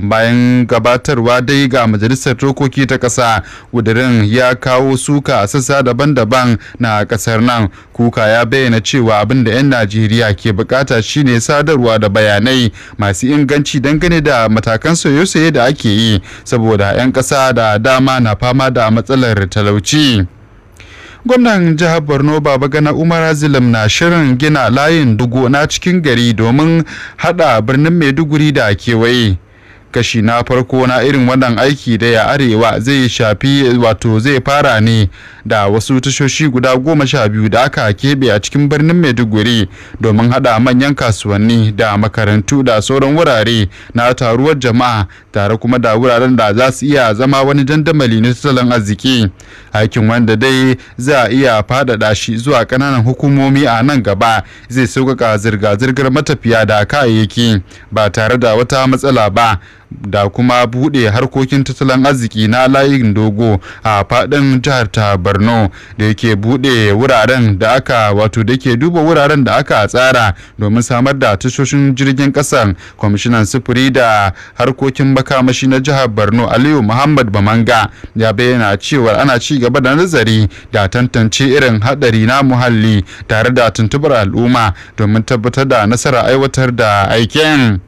bayan gabatarwa dai ga majalisar dokoki ta ƙasa ƙudurin ya kawo suka a sassa daban-daban na ƙasar nan kuka ya bayyana cewa abin da 'yan najeriya ke bukata shine sadarwa da bayanai masu inganci dangane da matakan saye-saye da ake yi saboda 'yan ƙasa da dama na fama da matsalar talauci. gwamnan jihar borno babagana umar azilim na shirin gina layin dugo na cikin gari domin hada birnin maiduguri da kewaye kashi na farko na irin wannan aiki da ya arewa zai shafi wato zai fara ne da wasu tashoshi guda goma sha biyu da aka keɓe a cikin birnin maiduguri domin haɗa manyan kasuwanni da makarantu da sauran wurare na taruwar jama'a tare kuma da wuraren da za su iya zama wani dandamali na tattalin arziki aikin wanda dai za a iya faɗaɗa shi zuwa ƙananan hukumomi a nan gaba zai sauƙaƙa zirga-zirgar matafiya da kayayyaki ba tare da wata matsala ba da kuma buɗe harkokin tattalin arziki na layin dogo a fadin jihar ta borno da yake buɗe wuraren da aka wato da ke duba wuraren da aka tsara domin samar da tashoshin jirgin kasan kwamishinan sufuri da harkokin makamashi na jihar borno aliyu muhammad bamanga ya bayyana cewa ana ci gaba da nazari da tantance irin haɗari na muhalli tare da tuntubar al'umma domin tabbatar da nasarar aiwatar da aikin.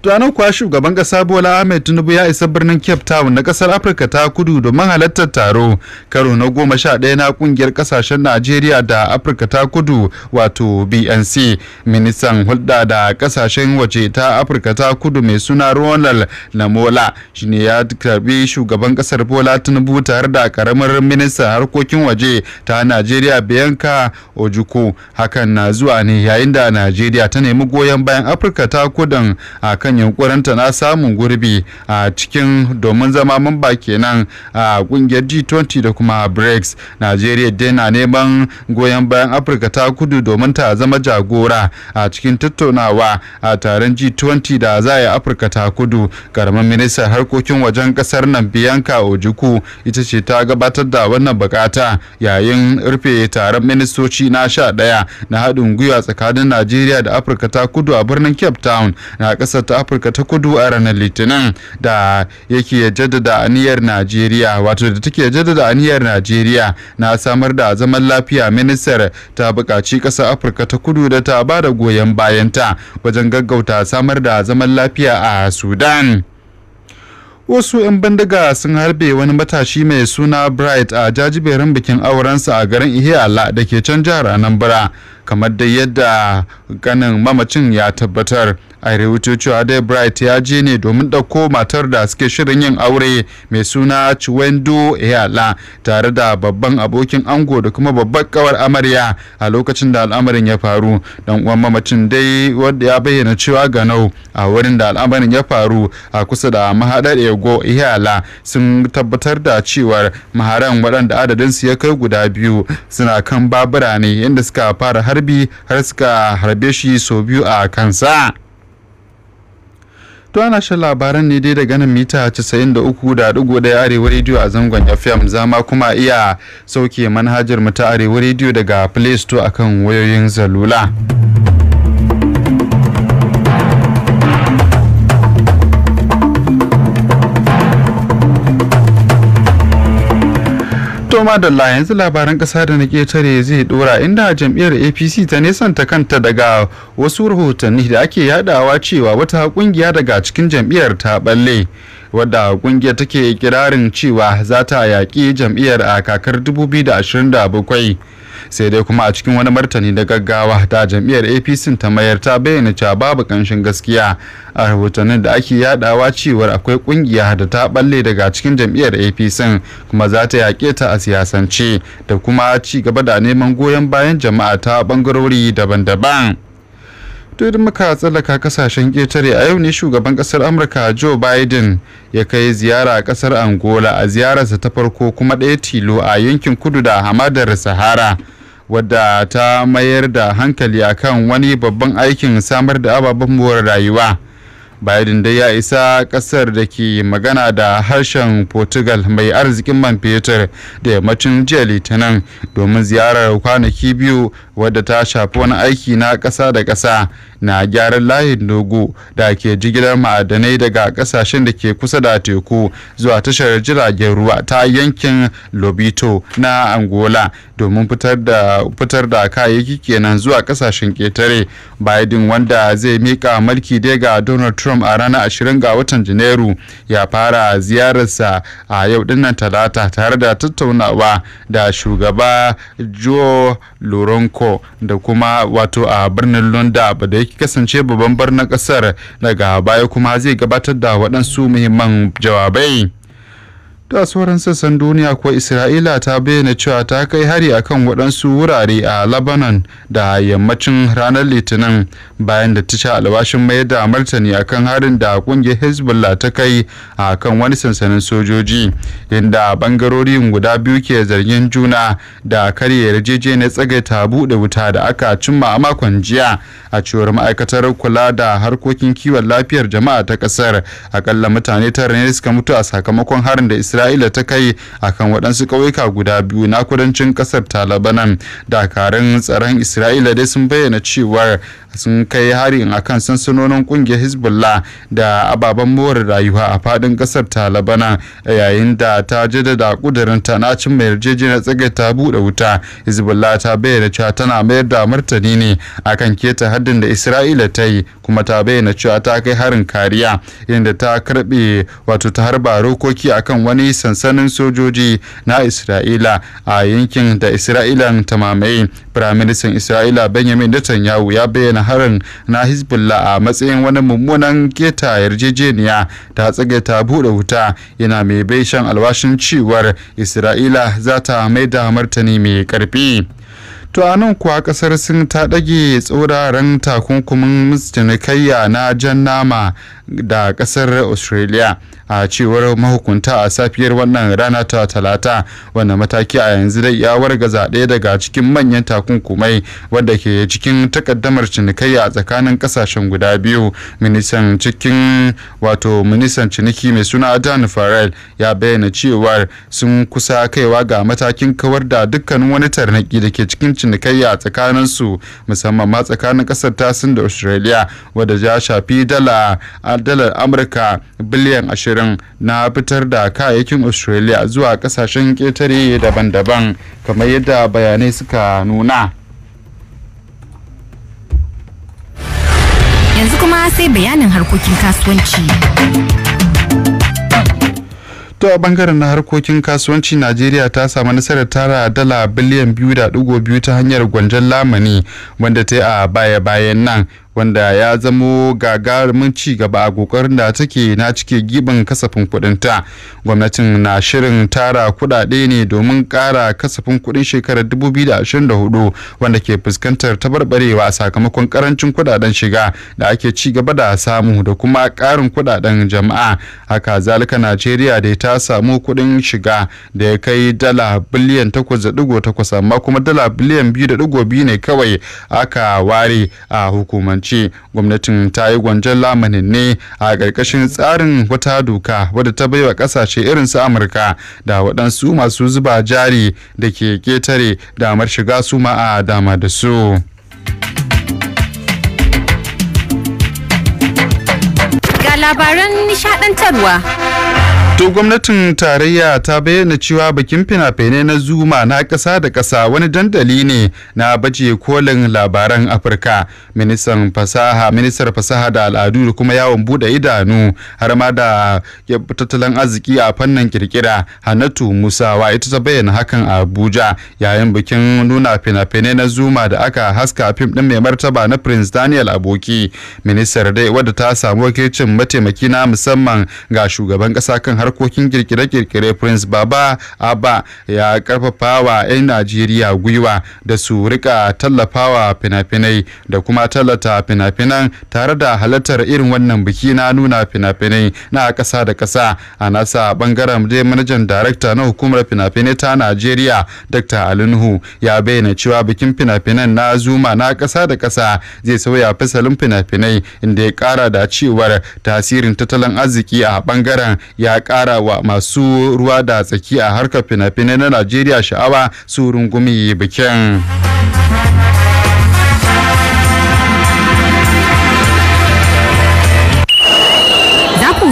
to nan kuwa shugaban kasa bola ahmed tinubu ya isa birnin cape town na kasar afirka ta kudu domin halartar taro karo na goma sha ɗaya na kungiyar kasashen najeriya da afirka ta kudu wato bnc ministan hulɗa da kasashen waje ta afirka ta kudu mai suna ronald lamola shine ya karɓi shugaban kasar bola tinubu tare da karamar ministan harkokin waje ta najeriya bianca Ojukwu. hakan na zuwa ne yayin da najeriya ta nemi goyon bayan afirka ta kudun akan akan yunkurinta na samun gurbi a cikin domin zama mamba kenan a kungiyar G20 da kuma BRICS. Najeriya dai na neman goyon bayan Afirka ta kudu domin ta zama jagora a cikin tattaunawa a taron G20 da za a yi Afirka ta kudu. Karamin ministan harkokin wajen kasar nan Bianca Ojukwu ita ce ta gabatar da wannan bukata yayin rufe taron ministoci na sha ɗaya na haɗin gwiwa tsakanin Najeriya da Afirka ta kudu a birnin Cape Town na ƙasar ta afirka ta kudu a ranar litinin da yake jaddada aniyar najeriya wato da take jaddada aniyar najeriya na samar da zaman lafiya ministar ta buƙaci ƙasar afirka ta kudu da ta ba da goyon bayanta wajen gaggauta samar da zaman lafiya a sudan wasu 'yan bandaga sun harbe wani matashi mai suna bright a jajiberin bikin aurensa a garin Ihe Ala da ke can jihar anambra kamar da yadda ganin mamacin ya tabbatar a rahoto cewa dai bright ya je ne domin ɗauko matar da suke shirin yin aure mai suna chiwendo eyala tare da babban abokin ango da kuma babbar kawar amarya a lokacin da al'amarin ya faru dan uwan mamacin dai wanda ya bayyana cewa ganau a wurin da al'amarin ya faru a kusa da mahadar ego eyala sun tabbatar da cewar maharan waɗanda adadinsu ya kai guda biyu suna kan babura ne inda suka fara harbi har suka harbi harbe shi sau biyu a kansa to ana shan labaran ne dai daga nan mita 93.1 arewa rediyo a zangon fm zama kuma iya sauke manhajar mu ta arewa rediyo daga play store akan wayoyin zalula. To madalla yanzu labaran ƙasa da na ƙetare zai dora inda jam'iyyar APC ta nesanta kanta daga wasu rahotanni da ake yadawa cewa wata ƙungiya daga cikin jam'iyyar ta balle. Wadda kungiyar take kirarin cewa za ta yaƙi jam'iyyar a kakar 2027. sai dai kuma a cikin wani martani da gaggawa da jam'iyyar apc ta mayar ta bayyana cewa babu kanshin gaskiya a rahotannin da ake yadawa cewar akwai ƙungiya da ta balle daga cikin jam'iyyar apc kuma za ta yaƙe ta a siyasance da kuma ci gaba da neman goyon bayan jama'a ta bangarori daban-daban. to muka tsallaka kasashen ƙetare a yau ne shugaban ƙasar amurka joe biden ya kai ziyara a ƙasar angola a ziyararsa ta farko kuma ɗaya tilo a yankin kudu da hamadar sahara wadda ta mayar da hankali a kan wani babban aikin samar da ababen buwar rayuwa biden dai ya isa ƙasar da ke magana da harshen portugal mai arzikin man fetur da yammacin jiya litinin domin ziyarar kwanaki biyu wadda ta shafi wani aiki na ƙasa da ƙasa na gyaran layin dogo da ke jigilar ma'adanai daga kasashen da ke kusa da teku zuwa tashar jiragen ruwa ta yankin lobito na angola domin fitar da kayayyaki kenan zuwa kasashen ketare biden wanda zai mika mulki dai ga donald trump a ranar 20 ga watan janairu ya fara ziyararsa a yau dinnan talata tare da tattaunawa da shugaba joe lorenco da kuma wato a birnin london da ki kasance babban birnin kasar daga baya kuma zai gabatar da waɗansu muhimman jawabai da sauran sassan duniya ko isra'ila ta bayyana cewa ta kai hari akan waɗansu wurare a lebanon da yammacin ranar litinin bayan da ta sha alwashin mayar da martani akan harin da ƙungiyar hezbollah ta kai a kan wani sansanin sojoji inda bangarori guda biyu ke zargin juna da karya yarjejeniyar tsagaita buɗe wuta da aka cimma a makon jiya a cewar ma'aikatar kula da harkokin kiwon lafiyar jama'a ta ƙasar aƙalla mutane tara ne suka mutu a sakamakon harin da isra'ila isra'ila ta kai akan waɗansu ƙauyuka guda biyu na kudancin ƙasar ta labanan dakarun tsaron isra'ila dai sun bayyana cewa sun kai harin akan sansanonin ƙungiyar hezbollah da ababen more rayuwa a faɗin ƙasar ta yayin da ta jaddada ƙudurinta na cin mai yarjejeniyar tsage ta buɗe wuta hezbollah ta bayyana cewa tana mayar da martani ne akan keta haddin da isra'ila ta yi kuma ta bayyana cewa ta kai harin kariya inda ta karɓe wato ta harba rokoki akan wani sansanin sojoji na isra'ila a yankin da isra'ila ta mamaye firaministan isra'ila benjamin netanyahu ya bayyana harin na hezbollah a matsayin wani mummunan keta yarjejeniya ta tsage ta buɗe wuta yana mai bai shan alwashin cewar isra'ila za ta mai da martani mai karfi. to a nan kuwa kasar sin ta ɗage tsauraran takunkumin cinikayya na jan nama da kasar australia a cewar mahukunta a safiyar wannan rana ta talata wannan mataki a yanzu dai ya warga ɗaya daga cikin manyan takunkumai wadda ke cikin takaddamar cinikayya a tsakanin kasashen guda biyu ministan cikin wato ministan ciniki mai suna dan farrell ya bayyana cewar sun kusa kaiwa ga matakin kawar da dukkanin wani tarnaki da ke cikin cinikayya a tsakanin su musamman ma tsakanin kasar tasin da australia wadda ya shafi dala dalar amurka biliyan ashirin shirin na fitar da kayayyakin australia zuwa kasashen ƙetare daban-daban kamar yadda bayanai suka nuna yanzu kuma sai bayanin harkokin kasuwanci To a bangaren na harkokin kasuwanci Najeriya ta samu nasarar tara dala biliyan biyu ta hanyar gwanjon lamani wanda ta yi a baya-bayan nan wanda ya zamo gagarumin ci gaba a kokarin da take na cike giban kasafin ta gwamnatin na shirin tara kudade ne domin kara kasafin kudin shekarar 2024 wanda ke fuskantar tabarbarewa a sakamakon karancin kudaden shiga da ake ci gaba da samu da kuma karin kudaden jama'a haka zalika najeriya da ta samu kudin shiga da ya kai dala biliyan 8.8 amma kuma dala biliyan 2.2 ne kawai aka ware a hukumar hukumance gwamnatin ta yi gwanjon lamanin ne a ƙarƙashin tsarin wata doka wadda ta baiwa ƙasashe irin su amurka da waɗansu masu zuba jari da ke ƙetare damar shiga su ma a dama da su. Ga labaran nishaɗantarwa. To gwamnatin tarayya ta bayyana cewa bikin fina-finai na Zuma na ƙasa da kasa wani dandali ne na baje kolin labaran Afirka. Ministan fasaha, ministar fasaha da al'adu da kuma yawon buɗe idanu har ma da tattalin arziki a fannin kirkira Hannatu Musawa ita ta bayyana hakan a Abuja yayin bikin nuna fina-finai na Zuma da aka haska fim din mai martaba na Prince Daniel Aboki. Ministar dai wadda ta samu wakilcin mataimaki na musamman ga shugaban ƙasa kan har harkokin kirkire-kirkire prince baba abba ya karfafa wa 'yan najeriya gwiwa da su rika tallafawa fina-finai da kuma tallata fina-finan tare da halartar irin wannan biki na nuna fina-finai na ƙasa da ƙasa a nasa bangaren da manajan darakta na hukumar fina-finai ta najeriya dr Nuhu ya bayyana cewa bikin fina-finan na zuma na ƙasa da ƙasa zai sauya fasalin fina-finai inda ya ƙara da cewar tasirin tattalin arziki a bangaren ya ƙara kara wa masu ruwa da tsaki a harkar fina-finai na Najeriya sha'awa su rungumi bikin.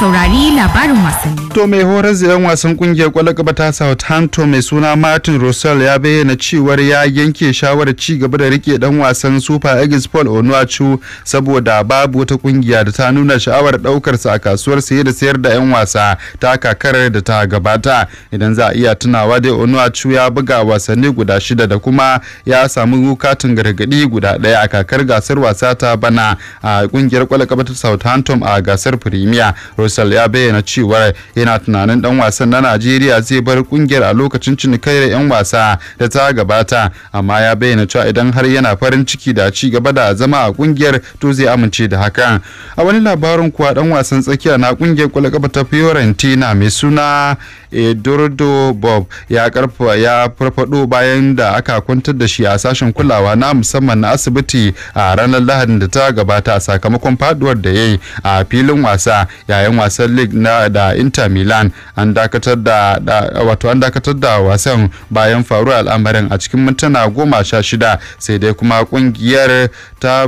saurari labarin wasanni. To mai horar da yan wasan kungiyar kwallon kafa ta Southampton mai suna Martin Russell ya bayyana cewar ya yanke shawarar ci gaba da rike dan wasan Super Eagles Paul Onuachu saboda babu wata kungiya da ta nuna sha'awar daukar sa a kasuwar saye da sayar da yan wasa ta kakarar da ta gabata. Idan za a iya tunawa dai Onuachu ya buga wasanni guda shida da kuma ya samu katin gargadi guda ɗaya a kakar gasar wasa ta bana a kungiyar kwallon kafa ta Southampton a gasar Premier. Faisal ya bayyana cewa yana tunanin dan wasan na Najeriya zai bar kungiyar a lokacin cinikayyar 'yan wasa da ta gabata amma ya bayyana cewa idan har yana farin ciki da ci gaba da zama a kungiyar to zai amince da hakan. A wani labarin kuwa dan wasan tsakiya na kungiyar kwalakaba ta Fiorentina mai suna Edordo Bob ya karfa ya farfado bayan da aka kwantar da shi a sashen kulawa na musamman na asibiti a ranar Lahadin da ta gabata sakamakon faduwar da ya a filin wasa yayin wasan league na da inter milan an dakatar da wato an dakatar da wasan bayan faruwar al'amarin a cikin mintuna goma sha shida sai dai kuma kungiyar ta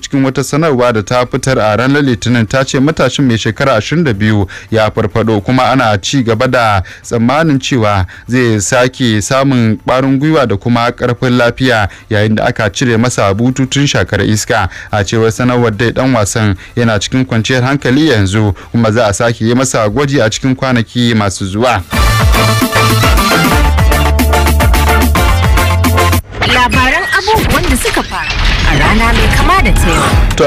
cikin wata sanarwa da ta fitar a ranar litinin ta ce matashin mai shekara 22 ya farfado kuma ana ci gaba da tsammanin cewa zai sake samun kwarin gwiwa da kuma karfin lafiya yayin da aka cire masa bututun shakar iska a cewar sanarwar dai dan wasan yana cikin kwanciyar hankali yanzu kuma za a sake yi masa gwaji a cikin kwanaki masu zuwa. Labaran abubuwan da suka faru a rana mai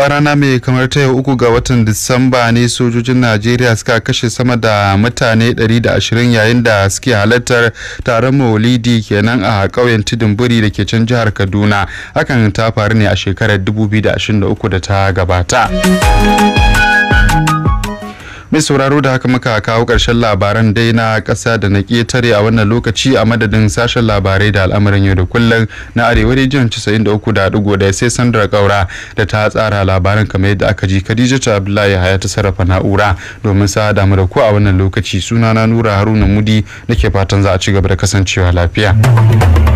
rana mai kamar ta yau uku ga watan Disamba ne sojojin Najeriya suka kashe sama da mutane 120 yayin da suke halartar taron Maulidi kenan a ƙauyen Tudunburi da ke can jihar Kaduna. Hakan ta faru ne a shekarar 2023 da ta gabata. mai sauraro da haka muka kawo ƙarshen labaran dai na ƙasa da na ƙetare a wannan lokaci a madadin sashen labarai da al'amuran yau da kullum na arewa region 93.1 sai sandra kaura da ta tsara labaran kamar yadda aka ji khadija ta abdullahi haya ta sarrafa na'ura domin sa damu da ku a wannan lokaci sunana nura haruna mudi nake fatan za a ci gaba da kasancewa lafiya.